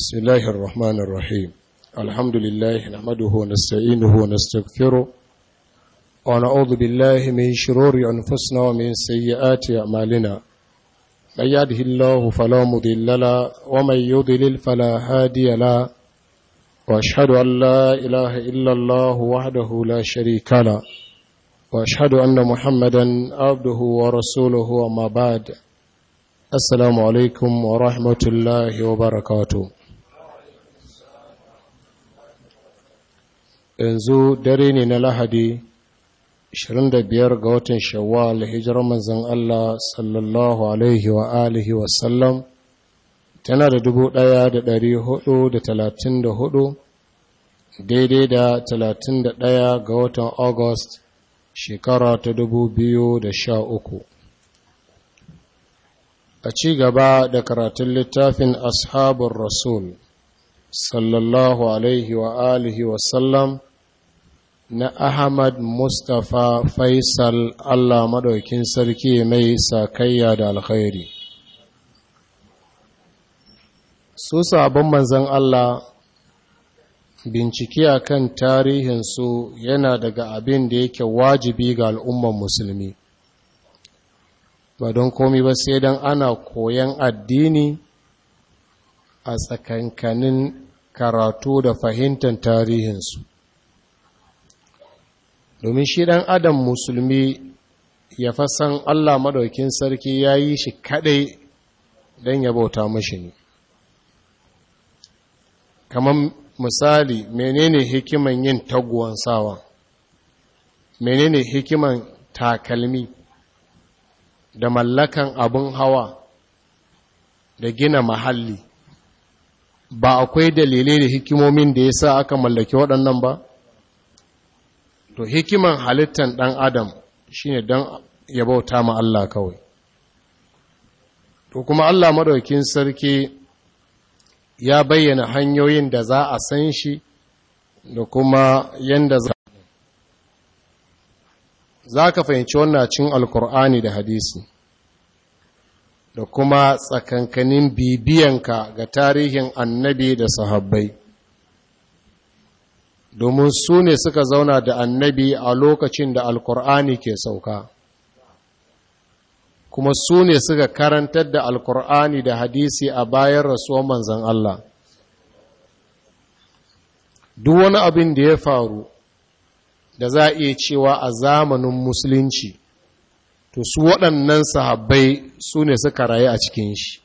بسم الله الرحمن الرحيم الحمد لله نحمده ونستعينه ونستغفره ونعوذ بالله من شرور أنفسنا ومن سيئات أعمالنا من يهده الله فلا مضل له ومن يضلل فلا هادي له واشهد أن لا إله إلا الله وحده لا شريك له واشهد أن محمدا عبده ورسوله وما بعد السلام عليكم ورحمة الله وبركاته yanzu dare ne na lahadi 25 ga watan shawwal hijirar manzan Allah sallallahu alaihi wa alihi sallam tana da 1434 daidai da 31 ga watan august shekara ta 2013 a ci gaba da karatun littafin ashabar rasul sallallahu alaihi wa alihi sallam na Ahmad Mustapha Faisal Allah maɗaukin sarki mai sakayya da alkhairi. Su sabon manzan Allah bincike a kan tarihinsu yana daga abin da yake wajibi ga al'umman musulmi. Ba don komi ba sai don ana koyan addini a tsakankanin karatu da fahimtar tarihinsu. domin shi ɗan adam musulmi ya fasan Allah maɗaukin sarki ya yi shi kaɗai don ya bauta mashi ne kamar misali menene hikiman yin taguwan sawa menene hikiman takalmi da mallakan abin hawa da gina mahalli ba akwai dalilai da hikimomin da ya sa aka mallaki waɗannan ba to hikiman halittan ɗan adam shine don ya bauta ma Allah kawai to kuma Allah maɗaukin sarki ya bayyana hanyoyin da za a san shi da kuma yanda za za ka fahimci wannan cin alkur'ani da hadisi da kuma tsakankanin bibiyanka ga tarihin annabi da sahabbai domin su ne suka zauna da annabi a lokacin da alkur'ani ke sauka kuma su ne suka karantar da alkur'ani da hadisi a bayan rasuwar manzan Allah duk wani abin da ya faru da za a iya cewa a zamanin musulunci to su waɗannan sahabbai su ne suka rayu a cikin shi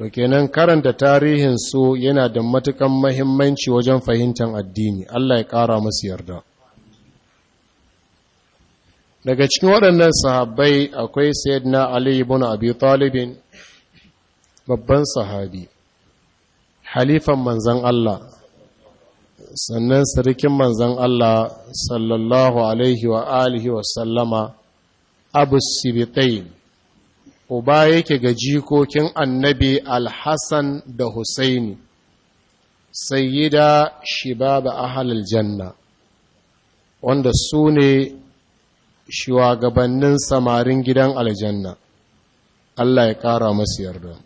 to kenan karanta tarihin su yana da matukan mahimmanci wajen fahimtar addini Allah ya ƙara musu yarda daga cikin waɗannan sahabbai akwai sayyidina Ali ibn Abi Talib babban sahabi halifan manzon Allah sannan sarkin manzon Allah sallallahu alaihi wa alihi wa sallama Abu Sibitain uba yake ga jikokin annabi alhassan da husaini sayyida shibaba ahalal janna wanda su ne shugabannin samarin gidan aljanna Allah ya ƙara masu yarda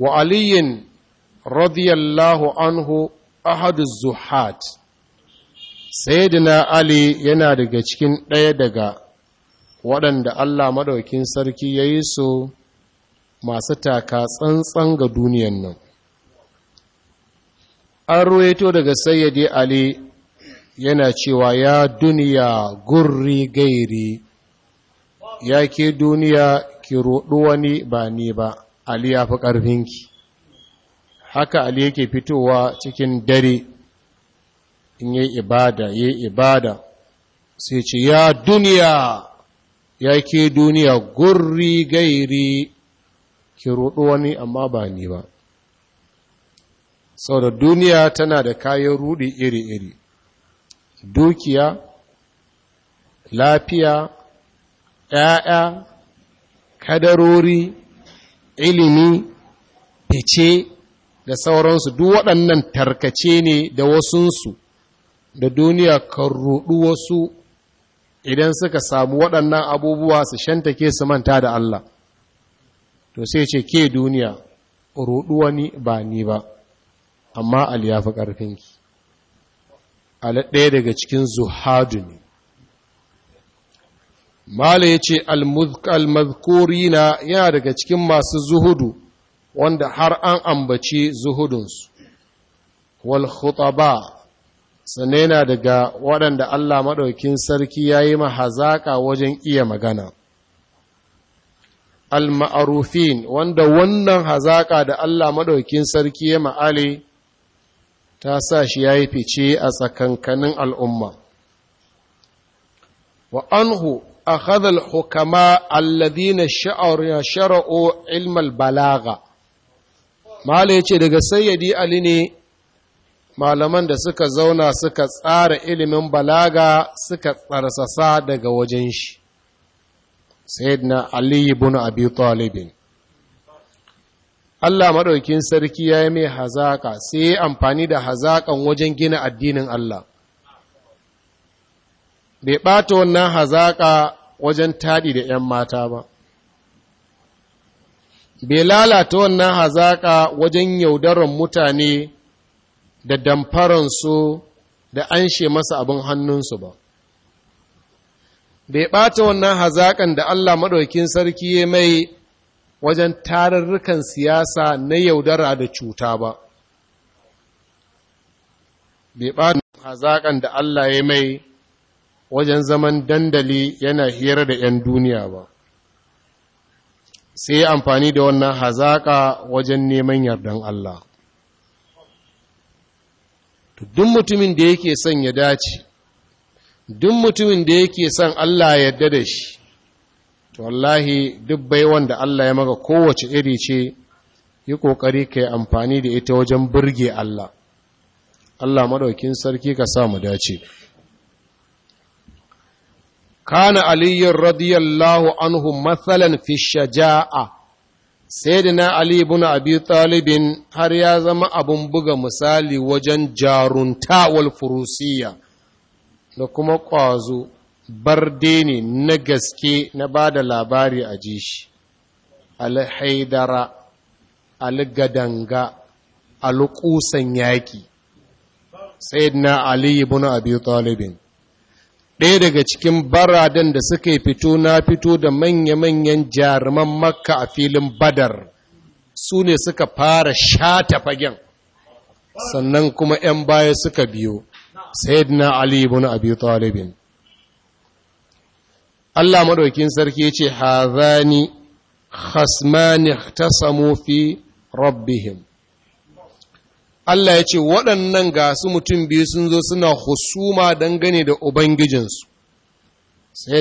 wa aliyin radiyallahu anhu ahadu zuhat sayyidina ali yana daga cikin ɗaya daga waɗanda Allah maɗaukin sarki ya yi su masu taka tsantsan ga duniyan nan an ruwaito daga sayyade ali yana cewa ya duniya gurri gairi ya ke duniya ki roɗu wani ba ni ba ali ya fi ƙarfinki haka ali yake fitowa cikin dare in yi ibada yi ibada sai ce ya duniya ya ke duniya gurri gairi ki roɗo wani amma ba ni ba sau da duniya tana da kayan ruɗi iri-iri dukiya lafiya ‘ya'ya kadarori ilimi fice da sauransu duk waɗannan tarkace ne da wasunsu da duniya kan ruɗu wasu idan suka samu waɗannan abubuwa su shantake su manta da Allah to sai ce ke duniya ruɗu wani ba ni ba amma aliyafi ƙarfinki ala daga cikin zuhadu ne mala ya ce na yana daga cikin masu zuhudu wanda har an ambaci zuhudunsu wal khutaba sannan yana daga waɗanda Allah maɗaukin sarki ya yi mahazaƙa wajen iya magana. Al-ma'arufin wanda wannan hazaƙa da Allah maɗaukin sarki ya ma'ali ta sa shi ya yi fice a tsakankanin al'umma. Wa anhu a hadal hukama alladina shara'o ilmal balaga. Mala ya ce daga sayyadi Ali ne malaman da suka zauna suka tsara ilimin balaga suka tsarsasa daga wajen shi sayyidina ali ibn abi talib Allah maɗaukin sarki ya yi mai hazaƙa sai ya amfani da hazaƙan wajen gina addinin Allah. Bai bata wannan hazaƙa wajen taɗi da ‘yan mata ba. Bai lalata wannan hazaƙa wajen yaudarar mutane da damfaransu da an she masa abin hannunsu ba bai ɓata wannan hazaƙan da Allah maɗaukin sarki ya mai wajen tarurrukan siyasa na yaudara da cuta ba bai ɓata hazaƙan da Allah ya mai wajen zaman dandali yana hira da 'yan duniya ba sai amfani da wannan hazaƙa wajen neman yardan Allah to duk mutumin da yake son ya dace duk mutumin da yake son Allah ya yarda da shi to wallahi duk baiwan da Allah ya maka kowace iri ce yi kokari kai amfani da ita wajen burge Allah Allah madaukin sarki ka sa mu dace kana aliyyar radiyallahu anhu matsalan fi shaja'a sayyidina ali ibn abi talibin har ya zama abun buga misali wajen jarunta wal furusiya da kuma ƙwazo barde ne na gaske na ba da labari a ji shi Gadanga, algadanga alƙusan yaƙi sayyidina ali ibn abi talibin ɗaya daga cikin baradan da suka fito na fito da manya-manyan jaruman makka a filin badar su ne suka fara shata fagen sannan kuma 'yan baya suka biyo na ali ibn abi talibin Allah maɗaukin sarki ce hazani khasmani tasamu fi rabbihim Allah ya ce waɗannan ga su mutum biyu sun zo suna husuma dangane da Ubangijinsu.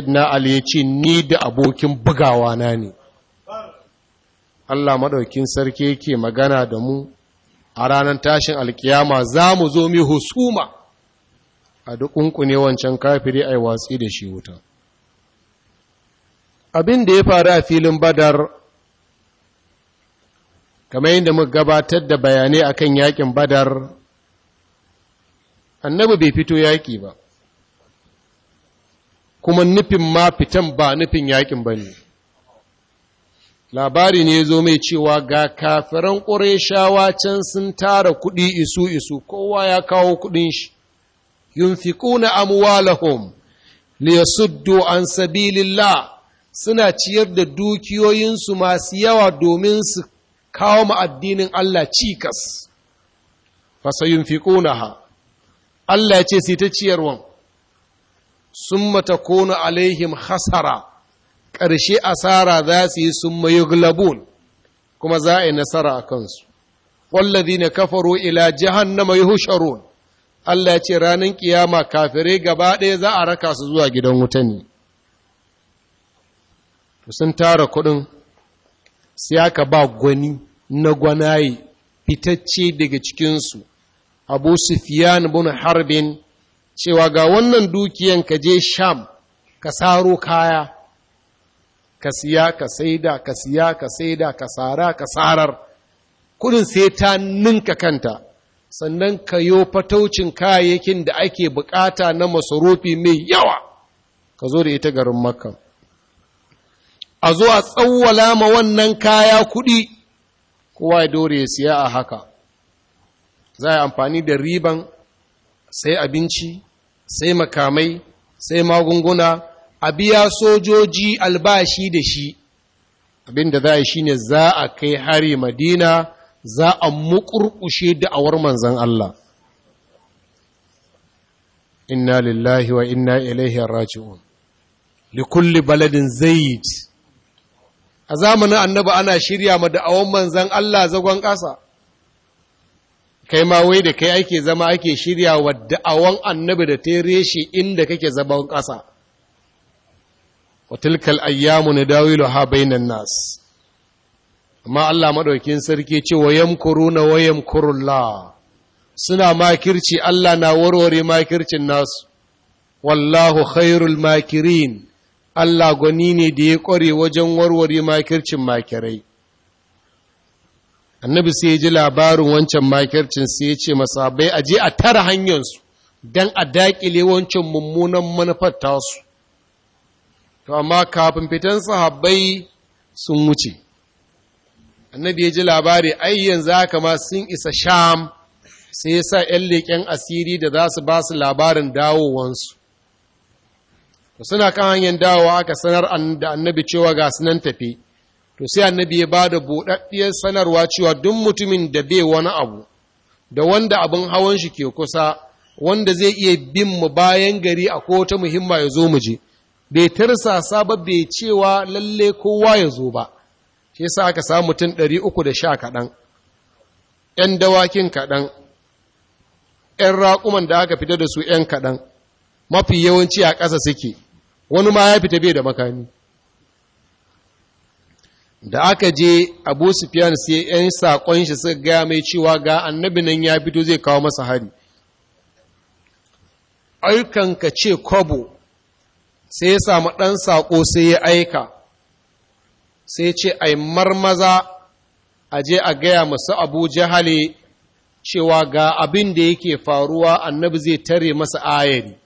na Ali ya ce, Ni da abokin bugawa na ne. Allah maɗaukin sarki yake magana da mu a ranar tashin alkiyama za mu zo mai husuma a duk ne wancan kafiri a yi watsi da shi wuta. Abin da ya faru a filin badar kamar yadda muka gabatar da bayanai akan yakin badar annabi bai fito yaƙi ba kuma nufin ma fitan ba nufin yakin ba ne labari ne zo mai cewa ga kafiran ƙureshawa can sun tara kuɗi isu isu kowa ya kawo kuɗin shi yunfiquna amwalahum liyasuddu an sabilillah suna ciyar da dukiyoyinsu masu yawa domin su kawo ma addinin Allah cikas fasayun fi ƙunaha Allah ya ce sai ta ciyarwan sun mata kona alaihim hasara ƙarshe asara za su yi sun mayu kuma za a yi nasara a kansu wallazi na kafaro ila jahannama yi husharun Allah ya ce ranar kiyama kafirai gaba ɗaya za a raka su zuwa gidan wuta ne sun tara kuɗin sai aka ba gwani na gwanaye fitacce daga cikinsu abu sufiyan bin harbin cewa ga wannan dukiyan ka je sham ka saro kaya ka siya ka saida ka siya ka saida ka sara ka sarar kudin sai ta ninka kanta sannan ka yi fataucin kayayyakin da ake bukata na masarufi mai yawa ka zo da ita garin makka a zo a tsawwala ma wannan kaya kudi kowa ya dore ya siya a haka za a yi amfani da riban sai abinci sai makamai sai magunguna a biya sojoji albashi da shi abinda da za a yi shi ne za a kai hari madina za a muƙurƙushe da'awar manzan Allah inna lillahi wa inna ilaihi raji'un likulli baladin zaid a zamanin annaba ana shirya ma awon manzan Allah zagon ƙasa kai ma wai da kai ake zama ake shirya wa da'awan annabi da ta reshe inda kake zagon ƙasa wa ayyamu ayyamu nadawilu ha bainan nas amma Allah madaukin sarki ce wa yamkuruna wa yamkurullah suna makirci Allah na warware makircin nasu wallahu khairul makirin Allah gwani ne da ya ƙware wajen warware makircin makirai annabi sai ya ji labarin wancan makircin sai ya ce masabai a je a tara hanyarsu don a daƙile wancan mummunan manufar tasu to amma kafin fitan sahabbai sun wuce annabi ya ji labari ai yanzu haka ma sun isa sham sai ya sa ‘yan leƙen asiri da za su ba su labarin dawowansu suna kan hanyar dawowa aka sanar da annabi cewa ga sunan tafi to sai annabi ya ba da buɗaɗɗiyar sanarwa cewa duk mutumin da bai wani abu da wanda abin hawan shi ke kusa wanda zai iya bin mu bayan gari a ko ta muhimma ya zo mu je bai tarsasa ba bai cewa lalle kowa ya zo ba shi yasa aka samu mutum ɗari uku da sha kaɗan ‘yan dawakin kaɗan ‘yan raƙuman da aka fita da su ‘yan kaɗan mafi yawanci a ƙasa suke wani ma ya fita bai da makami da aka je abu sufiyan sai yan saƙon shi suka gaya mai cewa ga annabi nan ya fito zai kawo masa hari aikanka ce kwabo sai ya samu ɗan saƙo sai ya aika sai ce yi marmaza a je a gaya masu abu jahale cewa ga abin da yake faruwa annabi zai tare masa ayari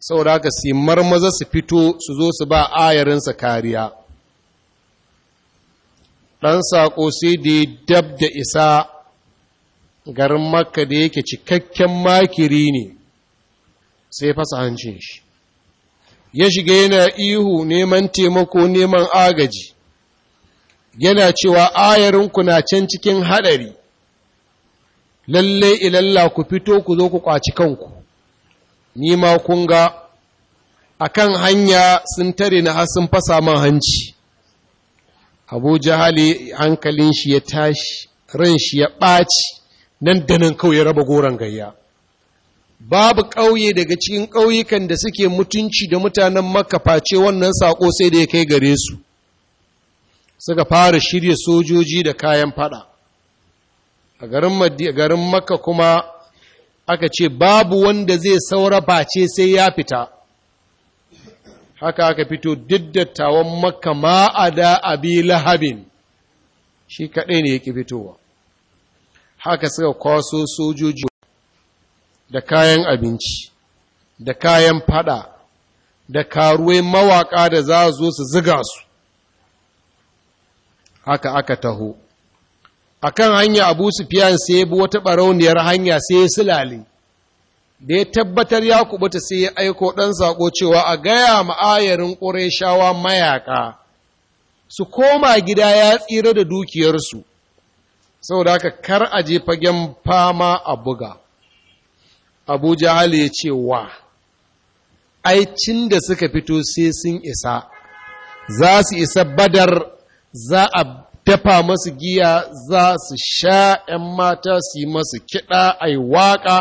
saboda haka su marmaza su fito su zo su ba ayarinsa kariya ɗan Sako sai da ya dab da isa garin makka da yake cikakken makiri ne sai fasa hancin shi ya shiga yana ihu neman taimako neman agaji yana cewa ayarinku na can cikin haɗari lalle ilalla ku fito ku zo ku kwaci kanku ni ma kun ga a kan hanya sun tare na sun fasa man hanci abu jahali hankalin shi ya tashi ran shi ya ɓaci nan da nan kawai ya raba goron gayya babu ƙauye daga cikin ƙauyukan da suke mutunci da mutanen makaface face wannan saƙo sai da ya kai gare su suka fara shirya sojoji da kayan fada a garin makka kuma aka ce babu wanda zai saura face sai ya fita haka aka fito duk dattawan makka ma'ada abi lahabin shi kaɗai ne ya yake fitowa haka suka kwaso sojoji da kayan abinci da kayan fada da karuwai mawaƙa da za zo su ziga su haka aka taho a kan hanya abu sufiyan sai ya wata barauniyar hanya sai ya silale da ya tabbatar ya kubuta sai ya aiko ɗan saƙo cewa a gaya ma'ayarin ƙureshawa mayaƙa su koma gida ya tsira da dukiyarsu saboda haka kar a je fagen fama a buga abu jahali ya ce wa aicin da suka fito sai sun isa za su isa badar za a dafa masu giya za su sha ‘yan mata su yi masu kiɗa a yi waƙa,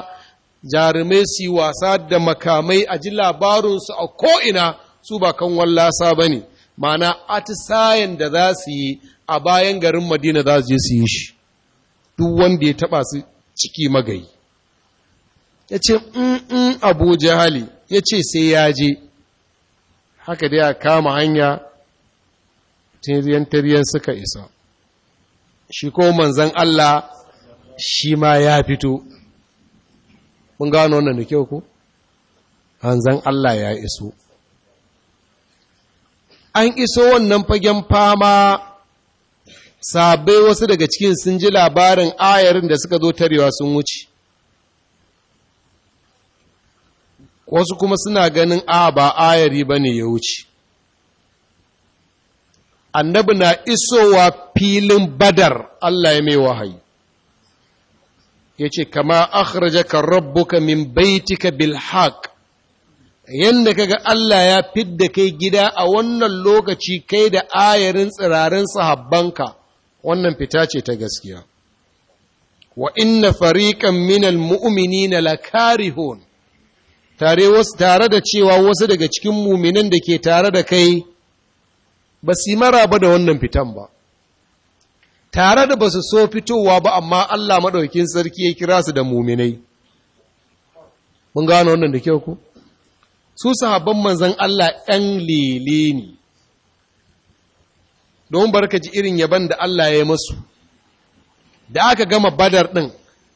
jarumai su yi wasa da makamai a ji labarunsu a ko'ina su ba kan wallasa ba ne, mana atisayen da za su yi a bayan garin Madina za su je su yi shi, duk wanda ya taɓa su ciki magayi. Ya ce, in Abu jihali ya ce sai ya je, haka dai a kama hanya, tiriyan-tiriyan suka isa. shi ko manzan Allah shi ma ya fito mun gano wannan da kyau ku manzan Allah ya iso an iso wannan fagen fama sabai wasu daga cikin sun ji labarin ayarin da suka zo tarewa sun wuce wasu kuma suna ganin a ba ayari ba ne ya wuce annabi na isowa filin badar Allah ya mai wahayi ya ce kama akhrajaka rabbuka min baitika bil haq yadda kaga Allah ya fidda kai gida a wannan lokaci kai da ayarin tsirarin sahabbanka wannan fita ce ta gaskiya wa inna fariqan minal mu'minina lakarihun tare wasu tare da cewa wasu daga cikin muminan da ke tare da kai ba su mara ba da wannan fitan ba tare da ba su so fitowa ba amma Allah maɗaukin sarki ya kira su da muminai mun gano wannan da kyau ku su sahabban manzan Allah ‘yan lele ne don barka ji irin yaban da Allah ya masu da aka gama badar ɗin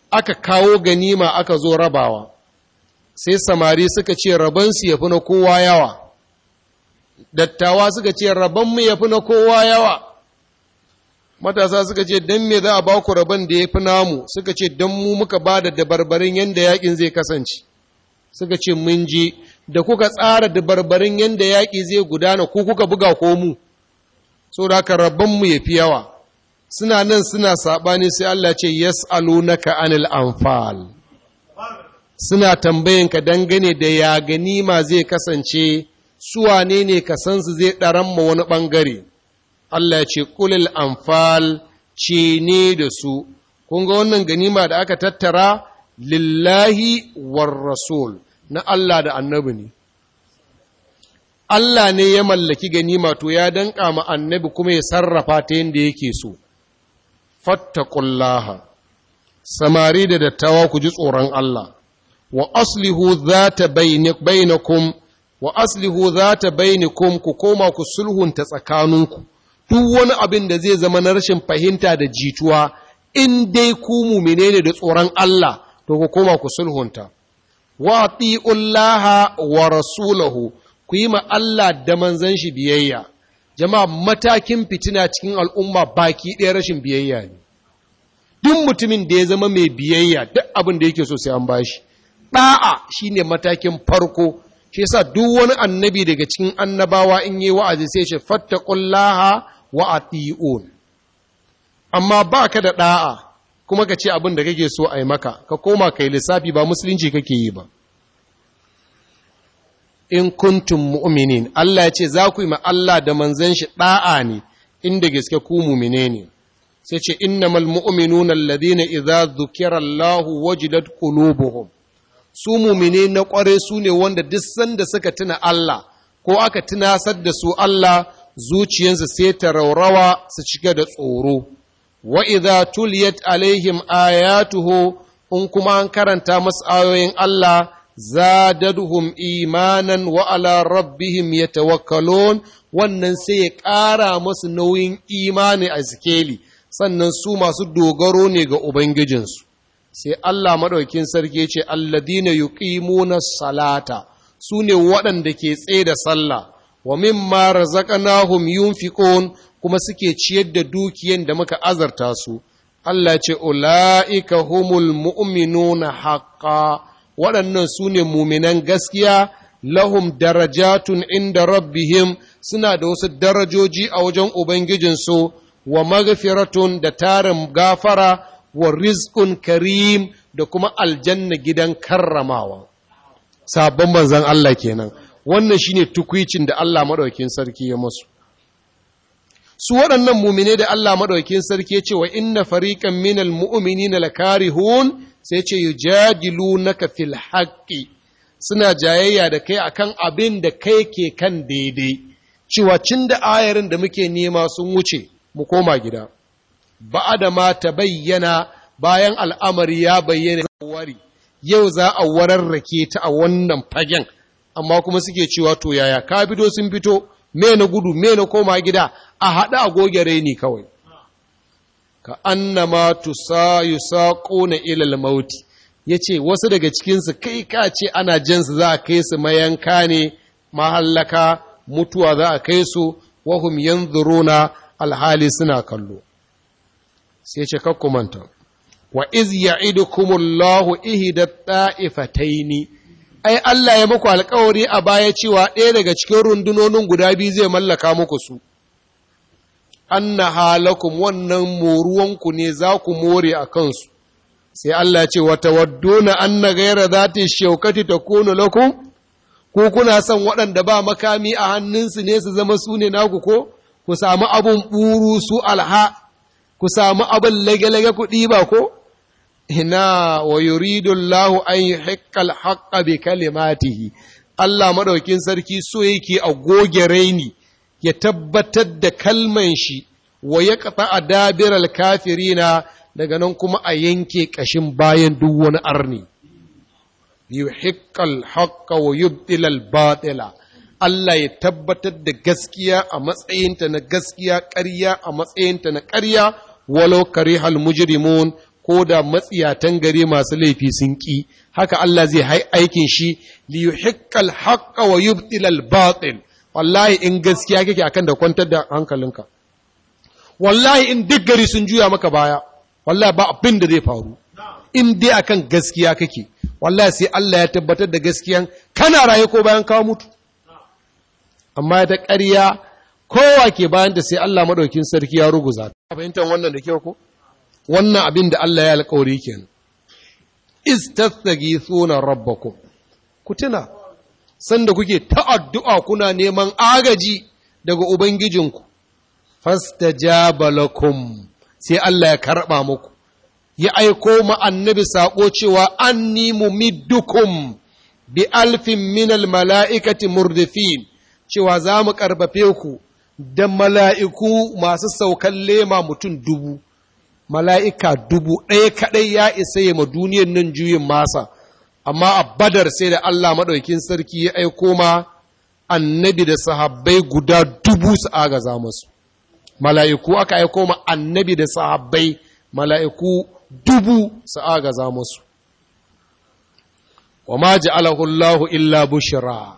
aka kawo ganima aka zo rabawa sai samari suka ce rabansu ya fi na kowa yawa dattawa suka ce rabanmu ya fi na kowa yawa matasa suka ce don me za a ba ku rabon da ya fi namu suka ce don mu muka ba da dabarbarin yadda yakin zai kasance suka ce mun je da kuka tsara dabarbarin yadda yaƙi zai gudana ko kuka buga ko mu so da haka rabonmu ya fi yawa suna nan suna saɓani sai Allah ce ka anil anfal suna tambayanka dangane da ya ganima zai kasance suwa ne ka san su zai ɗaran ma wani ɓangare Allah ya ce kulil amfal ce ne da su kun ga wannan ganima da aka tattara lillahi war rasul na Allah da annabi ne Allah ne ya mallaki ganima to ya danka ma annabi kuma ya sarrafa ta yadda yake so fattaqullaha samari da dattawa ku ji tsoron Allah wa aslihu za bainakum wa aslihu zata bainakum ku koma ku sulhunta tsakaninku duk wani abin da zai zama na rashin fahimta da jituwa in dai ku mumine ne da tsoron Allah to ku koma ku sulhunta wa atiullaha wa rasulahu ku yi ma Allah da manzon shi biyayya jama'a matakin fitina cikin al'umma baki ɗaya rashin biyayya ne duk mutumin da ya zama mai biyayya duk abin da yake so sai an bashi da'a shine matakin farko shi yasa duk wani annabi daga cikin annabawa in yi wa'azi sai shi fattaqullaha wa ati'un amma ba ka da ɗa'a kuma ka ce abin da kake so a yi maka ka koma kai lissafi ba musulunci kake yi ba in kuntun mu'minin Allah ya ce za ku yi ma Allah da manzan shi ɗa'a ne inda gaske ku mumine ne sai ce innamal mu'minuna alladhina idza dhukira Allah su mumine na kware su ne wanda duk sanda suka tuna Allah ko aka tunasar da su Allah Zuciyansu sai ta raurawa su cike da tsoro wa idza tuliyat alaihim ayatuhu in kuma an karanta masu ayoyin Allah zadaduhum imanan wa ala rabbihim yatawakkalun wannan sai ya ƙara masu nauyin imani a zikeli sannan su masu dogaro ne ga ubangijinsu sai Allah maɗaukin sarki ce alladina yuqimuna salata su ne waɗanda ke tsaye da sallah wa mimma razaqnahum yunfiqun kuma suke ciyar da dukiyan da muka azarta su Allah ce ula'ika humul mu'minuna haƙa waɗannan su ne muminan gaskiya lahum darajatun inda rabbihim suna da wasu darajoji a wajen Ubangijinsu wa magfiratun da tarin gafara wa rizqun karim da kuma aljanna gidan karramawa sabon manzon Allah kenan wannan shi ne tukwicin da Allah maɗaukin sarki ya masu. su waɗannan mumine da Allah maɗaukin sarki ya ce wa inna fariƙan minal na hun sai ce na fil haƙƙi. suna jayayya da kai akan abin da kai ke kan daidai cewa cin da ayarin da muke nema sun wuce mu koma gida ba da ma ta bayyana bayan al'amari ya bayyana wari yau za a wararrake ta a wannan fagen amma kuma suke cewa to yaya ka fito sun fito me na gudu me na koma gida a haɗa a goge raini kawai ka annama tusa yusaquna ila al-mauti yace wasu daga cikinsu kai ka ce ana jinsu za a kai su mayanka ne mahallaka mutuwa za a kai su wahum yanzuruna alhali suna kallo sai ce kakku manta wa iz ya'idukumullahu ihda ta'ifataini ai Allah ya muku alkawari a baya cewa ɗaya daga cikin rundunonin guda biyu zai mallaka muku su na halakun wannan moruwanku ne za ku more a kansu sai Allah ce wata an na gaira za ta shaukati ta kunu lakum ko kuna son waɗanda ba makami a hannunsu ne su zama su ne naku ko ku samu abun ɓuru su alha ku samu abin lage-lage kuɗi ba ko hina wa yuridu Allahu an yuhiqqal haqqa bi kalimatihi Allah madaukin sarki so yake a goge raini ya tabbatar da kalman shi wa ya qata adabiral kafirina daga nan kuma a yanke ƙashin bayan duk wani arni yuhiqqal haqqa wa yubtilal batila Allah ya tabbatar da gaskiya a matsayinta na gaskiya ƙarya a matsayinta na ƙarya walau karihal mujrimun ko da matsiyatan gari masu laifi sun ƙi haka Allah zai hai aikin shi li yuhiqqal haqqa wa yubtil al batil wallahi in gaskiya kake akan da kwantar da hankalinka wallahi in duk gari sun juya maka baya wallahi ba abin da zai faru in dai akan gaskiya kake wallahi sai Allah ya tabbatar da gaskiyan kana raye ko bayan ka mutu amma ta ƙarya kowa ke bayan da sai Allah madaukin sarki ya ruguza ta fahimtar wannan da kyau ko wannan abin da Allah ya alƙawari kenan suna rabbakum ku tuna sanda kuke ta'addu'a kuna neman agaji daga ubangijinku fastajaba lakum sai Allah ya karɓa muku ya aiko ma annabi sako cewa anni mumiddukum bi alfin minal mala'ikati murdifin cewa za mu karbafe ku da mala'iku masu saukan lema mutum dubu mala'ika dubu ɗaya kaɗai ya isa ya ma duniyan nan juyin masa amma a badar sai da Allah maɗaukin sarki ya aiko ma annabi da sahabbai guda dubu su agaza masu mala'iku aka aiko ma annabi da sahabbai mala'iku dubu su agaza masu wa ma ji Allahu illa bushira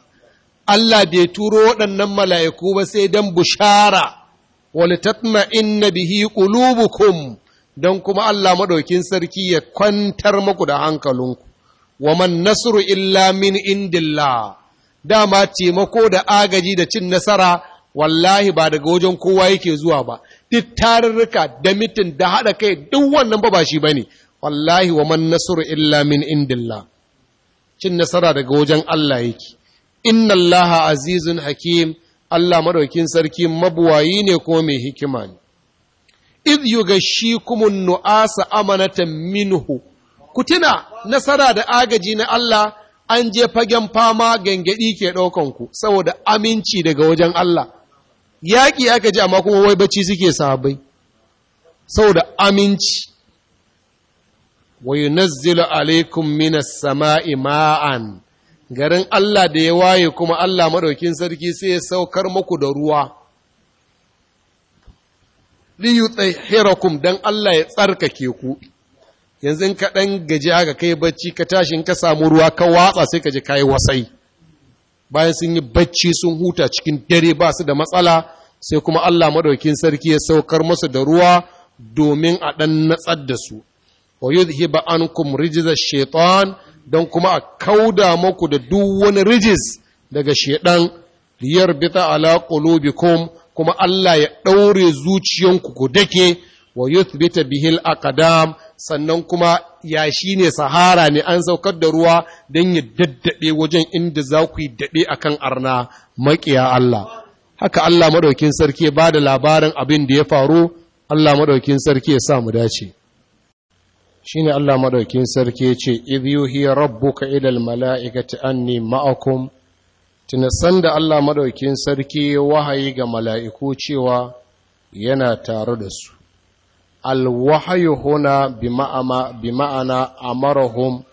Allah bai turo waɗannan mala'iku ba sai don bushara tatma inna bihi kum. don kuma Allah maɗaukin sarki ya kwantar maku da hankalinku, wa man nasuru illa min indillah, dama taimako da agaji da cin nasara wallahi ba daga wajen kowa yake zuwa ba, duk tarurruka da mitin da haɗa kai duk wannan ba ba shi ba ne, wallahi wa man nasuru illa min indillah. Cin nasara daga wajen Allah yake, inna Allah azizun hakim, Allah maɗaukin sarki mabuwayi ne ko mai hikima ne. idh yughashikumun nu'asa amanatan minhu ku tuna nasara da agaji na Allah an je fagen fama gangadi ke ɗaukan ku saboda aminci daga wajen Allah yaƙi aka ji amma kuma wai bacci suke sabai saboda aminci wa yunazzilu alaikum minas sama'i ma'an garin Allah da ya waye kuma Allah maɗaukin sarki sai ya saukar muku da ruwa liyutahhirakum dan Allah ya tsarkake ku yanzu ka dan gaji aka kai bacci ka tashi ka samu ruwa ka watsa sai ka ji kai wasai bayan sun yi bacci sun huta cikin dare ba su da matsala sai kuma Allah madaukin sarki ya saukar musu da ruwa domin a dan natsar da su wa yuzhiba ankum rijza shaitan don kuma a kauda muku da duk wani rijis daga shedan liyarbita ala qulubikum kuma Allah ya ɗaure zuciyanku ku dake wa yuthbita bihil aqdam sannan kuma ya shi ne sahara ne an saukar da ruwa don ya daddaɓe wajen inda za ku yi a kan arna maƙiya Allah haka Allah maɗaukin sarki ba da labarin abin da ya faru Allah maɗaukin sarki ya sa mu dace ne Allah maɗaukin sarki ya ce idh yuhi rabbuka ilal mala'ikati anni ma'akum tunasan da Allah maɗaukin sarki wahayi ga mala'iku cewa yana tare da su alwahayu huna bi ma'ana a marahun.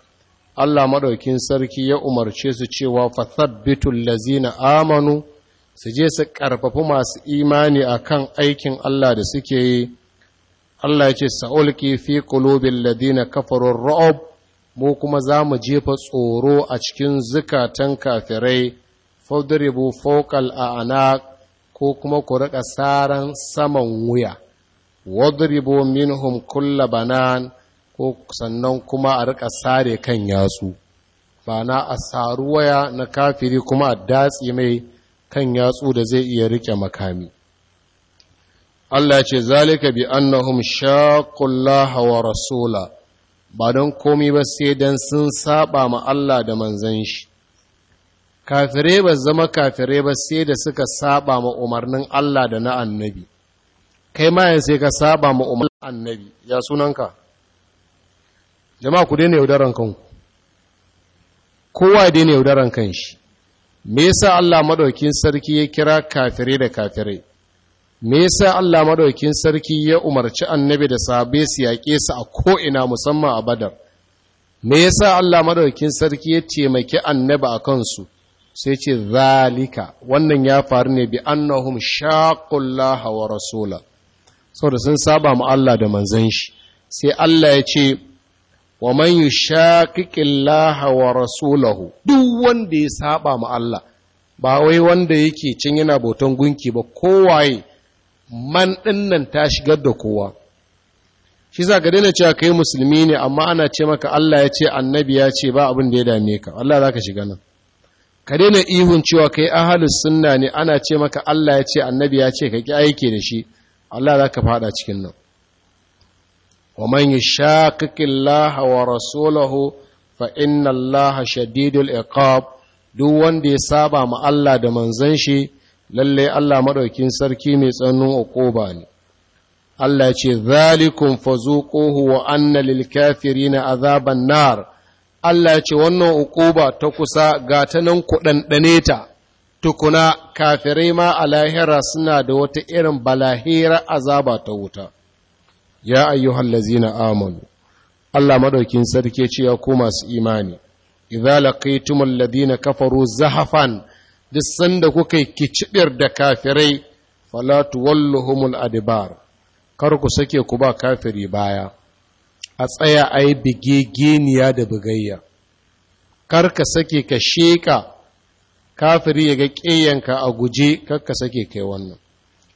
Allah maɗaukin sarki ya umarce su cewa fathabbitul lazina amanu su je su ƙarfafi masu imani a kan aikin Allah da suke yi Allah ya ce sa'ulki fi qulubil ladina kafarun ra’ob, mu kuma za mu jefa tsoro a cikin zukatan kafirai fokal a a'naq ko kuma ku riƙa saran saman wuya wadribu minhum kulla banan ko sannan kuma a riƙa sare kan yatsu bana a saru waya na kafiri kuma a datsi mai kan yatsu da zai iya riƙe makami Allah ce zalika bi annahum shaqullaha wa rasula ba don komai ba sai dan sun saba ma Allah da manzon shi kafirai ba zama kafirai ba sai da suka saba ma umarnin Allah da na annabi kai ma sai ka saba ma umarnin annabi ya sunanka jama'a ku daina yaudaran kanku kowa daina yaudaran kanshi me yasa Allah madaukin sarki ya kira kafirai da kafirai me yasa Allah madaukin sarki ya umarci annabi da sahabbai su yaƙe su a ko'ina musamman a Badar me yasa Allah madaukin sarki ya taimaki annabi a kansu sai ce zalika wannan ya faru ne bi annahum shaqullaha wa rasula saboda sun saba mu Allah da manzon shi sai Allah ya ce wa man yushaqiqillaha wa rasulahu duk wanda ya saba mu Allah ba wai wanda yake cin yana boton gunki ba kowaye man dinnan ta shigar da kowa shi za ka daina cewa kai musulmi ne amma ana ce maka Allah ya ce annabi ya ce ba abin da ya dame ka Allah za ka shiga nan ka daina ihun cewa kai ahalus sunna ne ana ce maka Allah ya ce annabi ya ce ka ki aiki da shi Allah za ka fada cikin nan wa man Laha wa rasulahu fa inna Allah shadidul iqab duk wanda ya saba ma Allah da manzon shi lallai Allah madaukin sarki mai tsanin uquba ne Allah ya ce zalikum fazuquhu wa anna lil kafirin azaban nar Allah ya ce wannan ukuba ta kusa ga ta nan kuɗanɗane ta tukuna kafirai ma a lahira suna da wata irin balahira azaba ta wuta ya hallazi na amanu Allah maɗaukin sarki ce ya koma masu imani idza laqaytumul ladina kafaru zahafan duk sanda kuka yi kicibir da kafirai Falatu tuwalluhumul adbar kar ku sake ku ba kafiri baya a tsaya a yi bige geniya da bugayya kar ka sake ka sheka kafiri ya ga ƙeyanka a guje kar ka sake kai wannan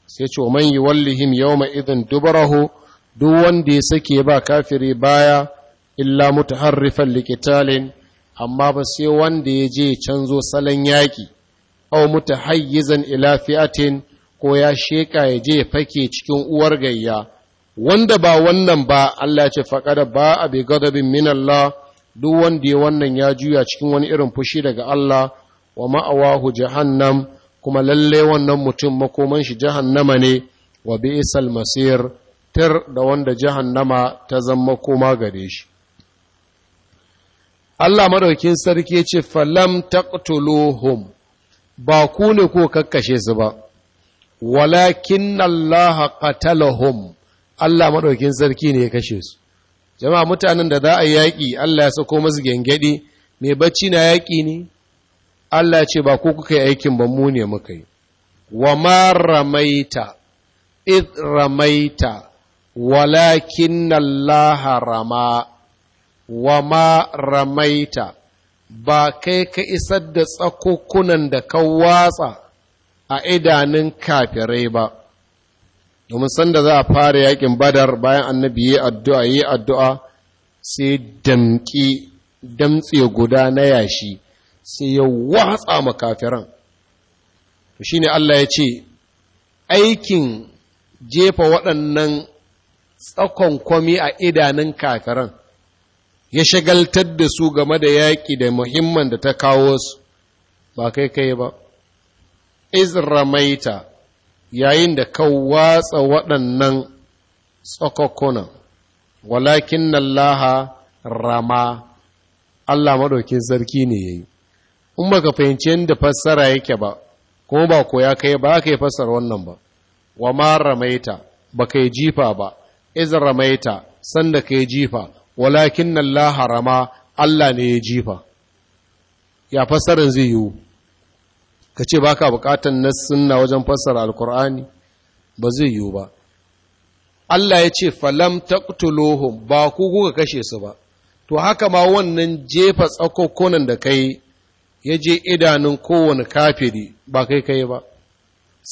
sai ce man yi wallihim ma idin dubaraho, duk wanda ya sake ba kafiri baya illa mutaharrifan likitalin amma ba sai wanda ya je canzo salon yaƙi au mutahayyizan ila fi'atin ko ya sheka ya je fake cikin uwar gayya wanda ba wannan ba Allah ce faqada ba a bi gadabin min Allah duk wanda ya wannan ya juya cikin wani irin fushi daga Allah wa ma'awahu jahannam kuma lalle wannan mutum makoman shi jahannama ne wa bi'sal masir tir da wanda jahannama ta zama koma gare shi Allah madaukin sarki ce falam taqtuluhum ba ku ne ko kakkashe su ba walakin Allah qatalahum Allah maɗaukin sarki ne ya kashe su jama'a mutanen da za a yaƙi Allah ya sako masu gyangyaɗi mai bacci na yaƙi ne Allah ce ba ku kuka yi aikin ba mu ne muka yi wa ma ramaita id ramaita walakin Allah rama wa ma ramaita ba kai ka isar da tsakokunan da ka watsa a idanun kafirai ba domin sanda za a fara yakin badar bayan annabi yi addu'a ya addu'a sai damƙi damtse guda na yashi sai ya watsa makafiran to ne Allah ya ce aikin jefa waɗannan tsakon kwami a idanun kafiran ya shagaltar da su game da yaƙi da muhimman da ta kawo su ba kai kai ba iz maita. yayin da ka watsa waɗannan tsakokonan walakin laha rama Allah maɗaukin sarki ne ya yi in ba ka fahimci yadda fassara yake ba kuma ba koya kai ba ka yi fassara wannan ba wa ma ramaita ba ka yi jifa ba izin ramaita sanda ka yi jifa walakin laha rama Allah ne ya jifa ya fassara zai yiwu ka ce ba baka bukatan nassunna wajen fassara alkur'ani ba zai yiwu ba Allah ya ce falam taqtuluhum ba ku kuka kashe su ba to haka ma wannan jefa tsakokonan da kai ya je idanun kowane kafiri ba kai kai ba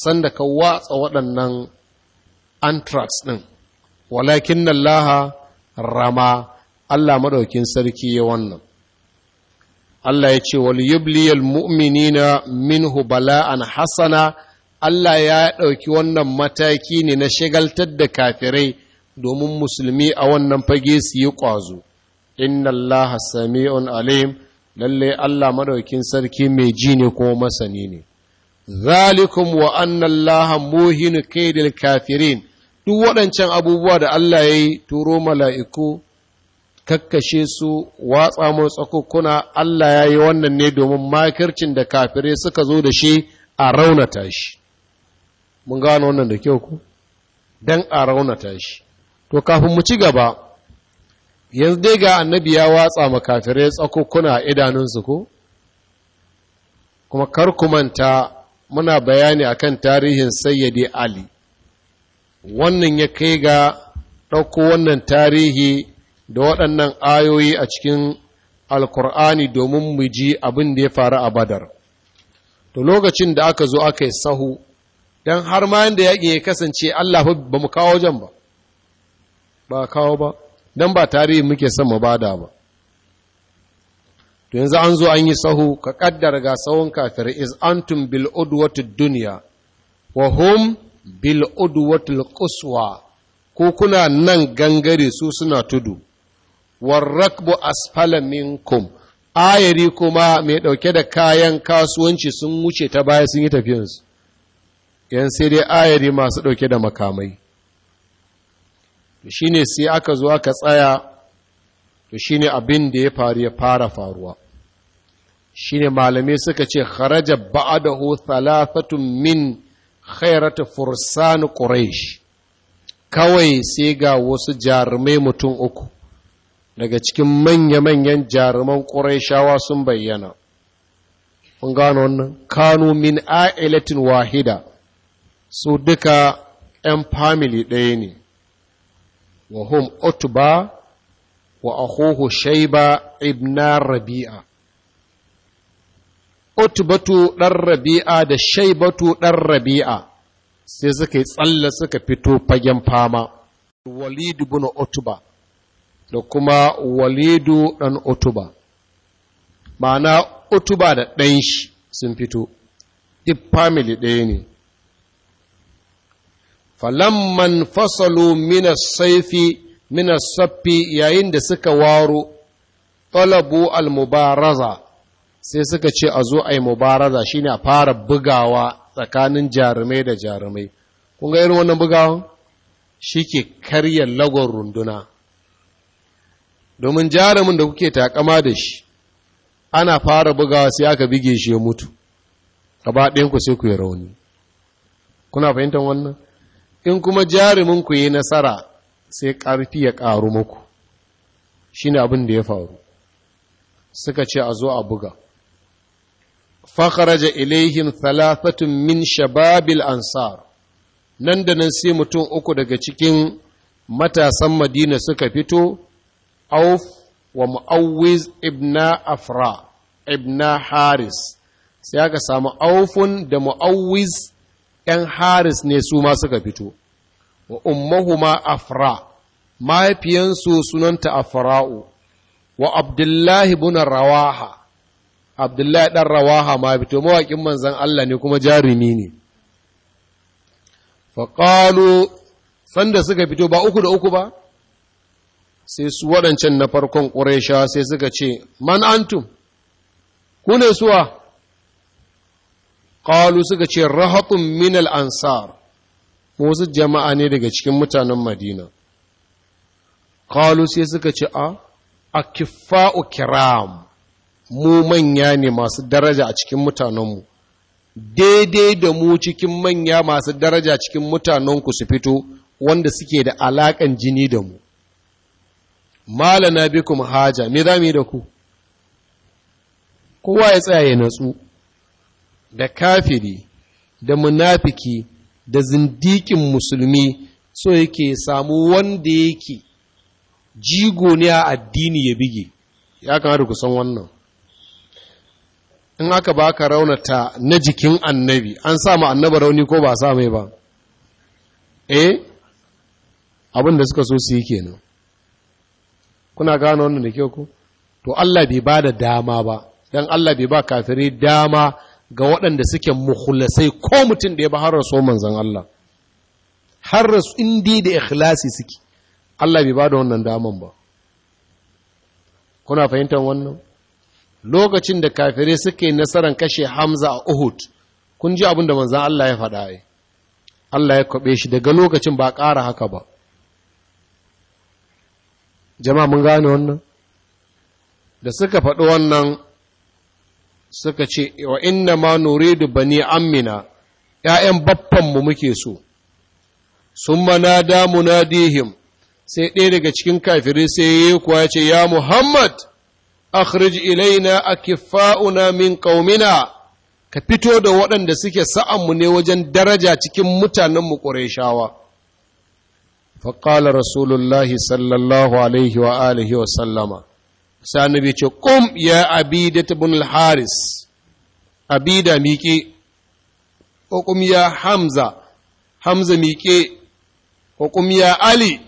sanda ka watsa waɗannan anthrax ɗin walakin laha rama Allah maɗaukin sarki ya wannan Allah ya ce wal yubliyal mu'minina minhu bala'an Hassana, Allah ya ɗauki wannan mataki ne na shagaltar da kafirai domin musulmi a wannan fage su yi ƙwazo inna Allah sami'un alim lalle Allah maɗaukin sarki mai ji ne kuma masani ne zalikum wa anna Allah muhinu kaidil kafirin duk waɗancan abubuwa da Allah ya yi turo mala'iku kakkashe su watsa mai tsakukuna Allah ya yi wannan ne domin makircin da kafire suka zo da shi a raunata shi mun gano wannan da kyau ku Don a raunata shi to kafin mu ci gaba yanzu dai ga annabi ya watsa ma kafire tsakukuna a idanunsu ku? kuma kar ku manta muna bayani akan tarihin sayyidi ali wannan ya kai ga ɗauko wannan tarihi da waɗannan ayoyi a cikin alkur'ani domin mu ji abin da ya faru a badar to lokacin da aka zo aka yi sahu don har ma yadda yaƙi ya kasance allah ba mu kawo wajen ba ba kawo ba don ba tarihi muke son mu bada ba to yanzu an zo an yi sahu ka ƙaddar ga sahun kafir is antum bil udwatid dunya wa hum bil udwatil quswa ko kuna nan gangare su suna tudu warrakbu asfala minkum ayari kuma mai ɗauke da kayan kasuwanci sun wuce ta baya sun yi tafiyansu yan sai dai ayari masu ɗauke da makamai to shine sai aka zo aka tsaya to shine abin da ya faru ya fara faruwa shine malamai suka ce kharaja ba'dahu thalathatun min khairatu fursan quraish kawai sai ga wasu jarumai mutum uku daga cikin manya-manyan jaruman ƙurayshawa sun bayyana kun gano wannan kanu min ailatin wahida su duka 'yan famili ɗaya ne wa hum utba wa Ahuhu shaiba ibna rabi'a utbatu ɗan rabi'a da shaibatu ɗan rabi'a sai suka yi tsalla suka fito fagen fama walid bin utba da kuma walidu ɗan Otuba, ma'ana Otuba da ɗan shi sun fito duk family ɗaya ne falamman fasalu mina saifi minas saffi yayin da suka waro ɗalabu almubaraza sai suka ce a zo a yi mubaraza shine a fara bugawa tsakanin jarumai da jarumai kun ga irin wannan bugawan shi ke karya lagon runduna domin jarumin da kuke takama da shi ana fara bugawa sai aka bige shi ya mutu gaba ɗayanku sai ku yi rauni kuna fahimtar wannan in kuma jarumin ku yi nasara sai ƙarfi ya ƙaru muku shine abin da ya faru suka ce a zo a buga fakaraja Ilaihin, thalathatun min shababil ansar nan da nan sai mutum uku daga cikin matasan madina suka fito auf wa mu'awwiz Ibn afra Ibn haris sai aka samu aufun da mu'awwiz ‘yan haris ne su ma suka fito wa ummahuma afra mahaifiyansu sunanta afra'u wa abdullahi buna rawaha abdullahi ɗan rawaha ma fito mawaƙin manzon Allah ne kuma jarumi ne faƙalo sanda suka fito ba uku da uku ba sai su waɗancan na farkon ƙuresha sai suka ce man antum ku ne suwa ƙalu suka ce rahatun minal ansar wasu jama'a ne daga cikin mutanen madina ƙalu sai suka ce a a kifa'u kiram mu manya ne masu daraja a cikin mutanenmu daidai da mu cikin manya masu daraja cikin mutanenku su fito wanda suke da alaƙan jini da mu Malam na haja me za mu yi da ku kowa ya tsaya ya natsu da kafiri da munafiki da zindikin musulmi so yake samu wanda yake jigo ne a addini ya bige ya kamata ku san wannan in aka baka raunata na jikin annabi an sa annaba rauni ko ba sa mai ba eh abinda suka so su yi kenan kuna gano wannan da kyau ku to Allah bai bada dama ba dan Allah bai ba kafirai dama ga waɗanda suke mukhlasai ko mutum da ya ba har raso manzon Allah har rasu indi da ikhlasi suke Allah bai bada wannan daman ba kuna fahimtar wannan lokacin da kafirai suke nasaran kashe Hamza a Uhud kun ji abin da manzon Allah ya faɗa ai Allah ya kwabe shi daga lokacin ba ƙara haka ba jama'a mun gane wannan da suka faɗi wannan suka ce wa inna ma nuridu bani Amina ‘ya'yan baffanmu muke so, sun mana damu na dihim, sai ɗaya daga cikin kafirai sai ya kuwa ce, Ya Muhammad, akhrij ilaina a kifa'una min ƙaumina, ka fito da waɗanda suke sa'anmu ne wajen daraja cikin mutanenmu shawa faƙala rasulullahi sallallahu alaihi wa alihi wa sallama sai annabi ce kum ya abida ibn al abida miƙe ko kum ya hamza hamza miƙe ko kum ya ali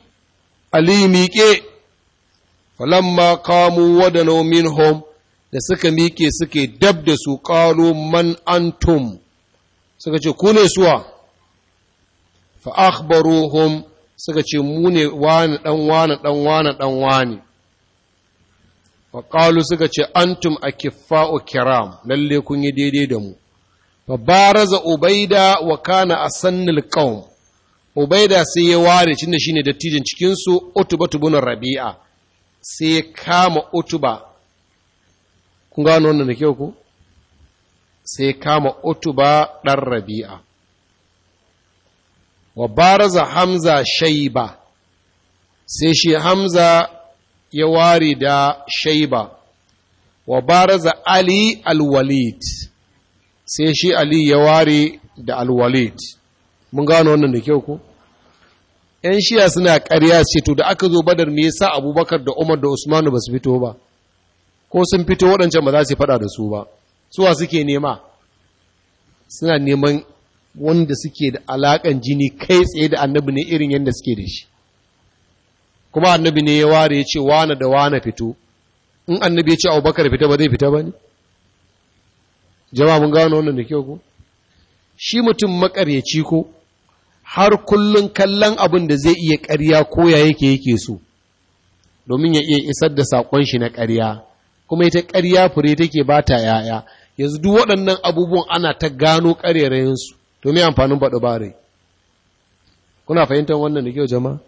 ali miƙe da suka miƙe suke dab da su ƙalo man antum suka ce ku ne suwa fa akhbaruhum suka ce mu ne wani ɗan wani ɗan wani ɗan wani faƙalu suka ce antum a kiffa'u kiram lalle kun yi daidai da mu fabaraza ubaida wa kana a sannil ƙaun ubaida sai ya ware cin da shine dattijin cikinsu utuba tubunan rabi'a sai ya kama utuba kun gano wannan da kyau ku sai ya kama utuba ɗan rabi'a wa baraza hamza shaiba sai shi hamza ya ware da shaiba wa baraza ali alwalid sai shi ali ya ware da alwalid mun gano wannan da kyau ko ‘yan shiya suna ƙarya ce to da aka zo badar me yasa abubakar da umar da usmanu ba su fito ba ko sun fito waɗancan ba za su faɗa da su ba suwa suke nema suna neman wanda suke da alaƙan jini kai tsaye da annabi ne irin yadda suke da shi kuma annabi ne ya ware ya ce wane da wane fito in annabi ya ce abubakar fita ba zai fita ba ne jama'a mun gano wannan da kyau ko shi mutum makaryaci ko har kullun kallon abin da zai iya karya ko ya yake yake so domin ya iya isar da saƙon shi na karya. kuma ita karya fure take ba ta yaya yanzu duk waɗannan abubuwan ana ta gano ƙarerayensu to me amfanin ba rai kuna fahimtar wannan da kyau jama'a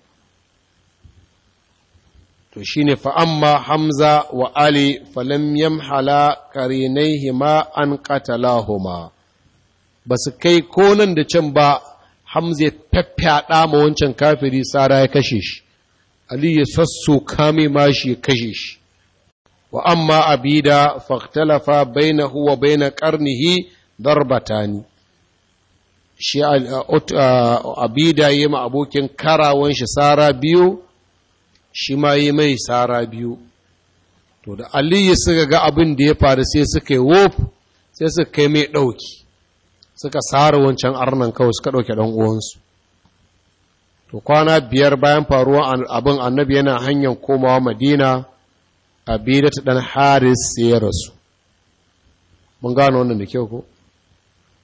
to shine fa amma hamza wa ali falam yamhala hima an Ba su kai ko nan da can ba hamza ya ma wancan kafiri sara ya kashe shi ali ya sassu kame mashi ya kashe shi wa amma abida faktalafa bainahu wa karni qarnihi ni. shi uh, uh, abida yi ma abokin karawan shi sara biyu shi ma yi mai sara biyu to da aliyu suka ga abin da ya faru sai suka yi wof sai suka kai mai ɗauki suka tsara wancan arnan kawai suka ɗauke ɗan uwansu to kwana biyar bayan faruwa abin annabi yana hanyar komawa madina abida ta ɗan haris sai ya rasu mun gano wannan da kyau ko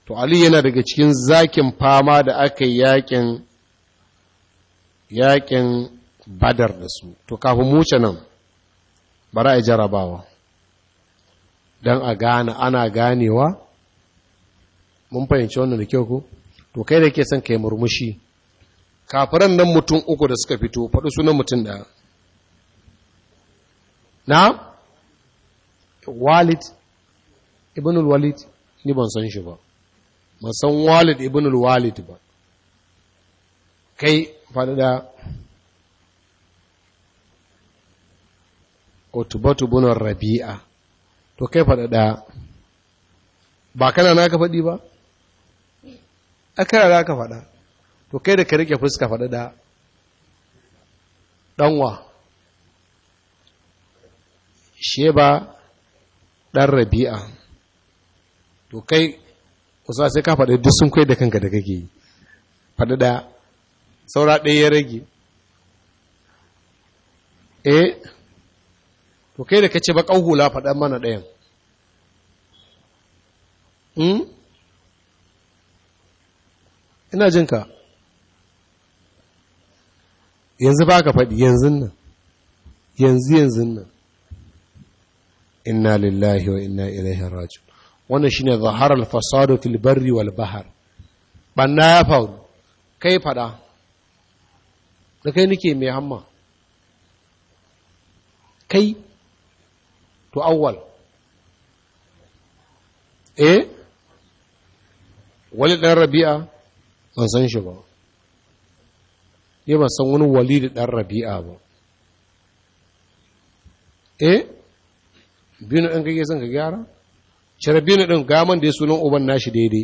to ali yana daga cikin zakin fama da aka yi yakin badar da su to kafin muce nan bara a jarabawa don a gane ana ganewa mun fahimci wannan da kyau ko to kai da ke son kai murmushi kafiran nan mutum uku da suka fito faɗi sunan mutum ɗaya na walid ibn walid ni ban san shi ba ba san walid ibn walid ba kai faɗi da otubatu bunar rabi'a to kai faɗi da ba kana na ka faɗi ba a kana ka faɗa to kai da ka riƙe fuska faɗi da ɗanwa sheba ɗan rabi'a to kai Wasu sai ka faɗi duk sun kai da kanka da kake yi faɗi ɗaya saura ɗaya ya rage eh to kai da kace ba hula faɗa mana ɗayan hmm? ina jin ka yanzu ba ka faɗi yanzu nan yanzu yanzu nan inna lillahi wa inna ilaihi raji wannan shi ne zaharar fasadu fil walbahar. wal bahar banna ya faru kai fada da kai nike mai hamma kai to awwal eh wali ɗan rabi'a ban san shi ba yi ban san wani wali da ɗan rabi'a ba eh na ɗan kake son ka gyara Charbino ɗin gaman da ya sunan uban nashi daidai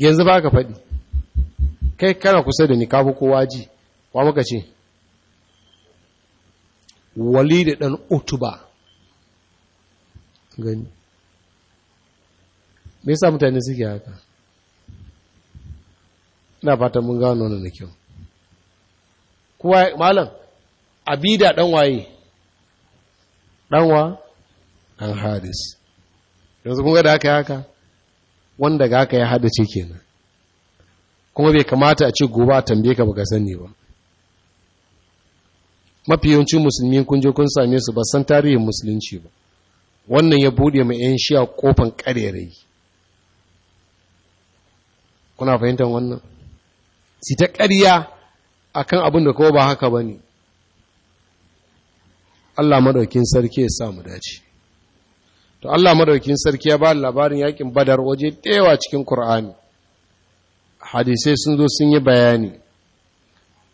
yanzu ba ka faɗi kai kana kusa da ni ka fi kowa ji wa muka ce wali da ɗan utuba gani me yasa mutane suke haka ina fata mun gano wannan da kyau kuwa malam abida ɗan waye ɗan wa an hadis yanzu kuma da aka yi haka wanda ga aka yi hadace kenan kuma bai kamata a ce gobe a tambaye ka baka sani ba mafi yawancin musulmi kun je kun same su ba san tarihin musulunci ba wannan ya bude mai yan shiya kofan karerai kuna fahimtar wannan si ta ƙarya akan abin da kowa ba haka bane Allah maɗaukin sarki ya sa mu dace to Allah madaukin sarki ya ba labarin yakin badar waje ɗewa cikin Kur'ani hadisai sun zo sun yi bayani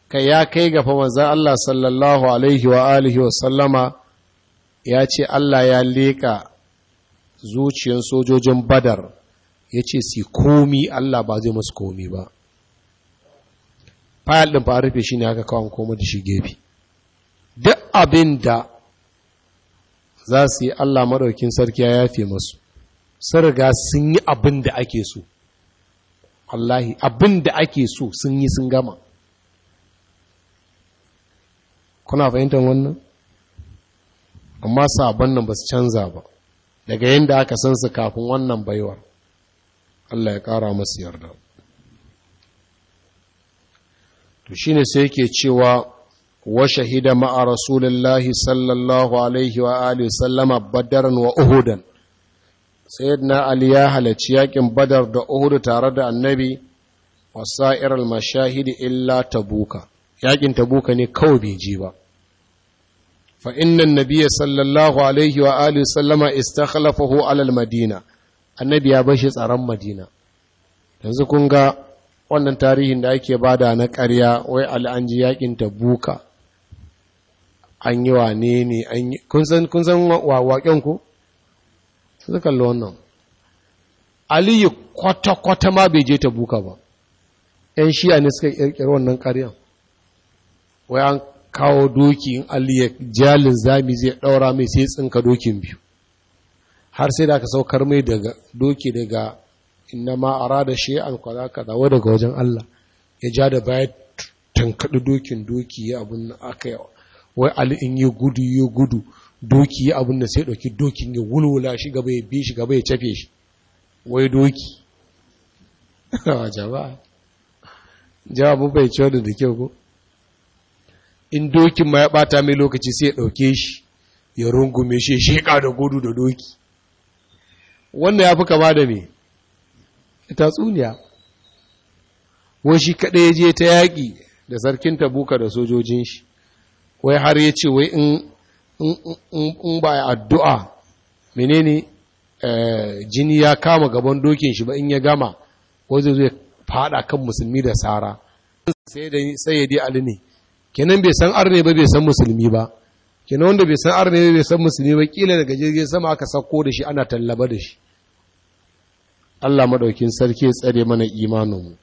kai ya kai ga fa manzon Allah sallallahu alaihi wa alihi wa sallama ya ce Allah ya leka zuciyar sojojin badar ya ce si komi Allah ba zai masu komi ba fayal ɗin fa rufe shi ne haka kawon komo da shi gefe duk abin da za su yi Allah maɗaukin sarki ya yafe masu sun riga sun yi abin da ake so wallahi abin da ake so sun yi sun gama kuna fahimtar wannan amma sabon nan ba su canza ba daga yadda aka san su kafin wannan baiwar Allah ya ƙara masu yarda to shi ne sai yake cewa وشهد مع ma'a الله sallallahu alaihi عليه وآله sallama بدرا وأهودا سيدنا علياها ali ya halarci yakin badar da وصائر tare da annabi wa sa'ir al-mashahidi illa tabuka yakin tabuka ne kawai bai ji ba fa inna an-nabiyya sallallahu alaihi annabi ya bashi tsaron madina yanzu kun ga wannan tarihin da ake bada na ƙarya wai al'anji yakin tabuka an yi wane ne an kun san kun waƙen ku suka kalli wannan aliyu kwata-kwata ma bai je ta buka ba ‘yan shiya ne suka ƙirƙiri wannan ƙaryan wai an kawo doki in aliyu jalin zami zai ɗaura mai sai tsinka dokin biyu har sai da aka saukar mai daga doki daga inna ma a rada shi an kwada kada daga wajen Allah ya ja da baya tankaɗi dokin doki ya abin aka yawa wai ali in yi gudu yi gudu doki yi abin da sai ɗauki dokin ya wulwula shi gaba ya bi shi gaba ya cafe shi wai doki ah, jaba jawabu bai ci wani da kyau ko in dokin ma ya ɓata mai lokaci sai ya ɗauke shi ya rungume shi ya sheƙa da gudu da doki wannan ya fi kama da me tatsuniya wai shi kaɗai ya je ta yaƙi da sarkin tabuka da sojojin shi wai har ya ce wai in ba ya addu'a menene eh, jini ya kama gaban dokin shi ba in ya gama wajen zai fada kan musulmi da tsara sai ya di ali ne kenan bai san arne ba bai san musulmi ba kenan wanda bai san arne ba bai san musulmi ba kila daga jirgin sama aka sako da shi ana tallaba da shi Allah madaukin sarki ya tsare mana imaninmu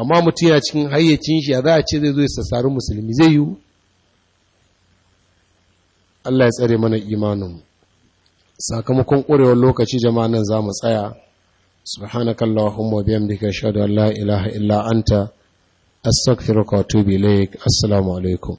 amma mutum ya cikin hayyacin shi ya za a ce zai zo ya sassari musulmi zai yiwu Allah ya tsare mana imaninmu sakamakon ƙurewar lokaci jama'a nan za mu tsaya subhanakallahumma wa bihamdika ashhadu an la ilaha illa anta astaghfiruka wa atubu ilaik assalamu alaikum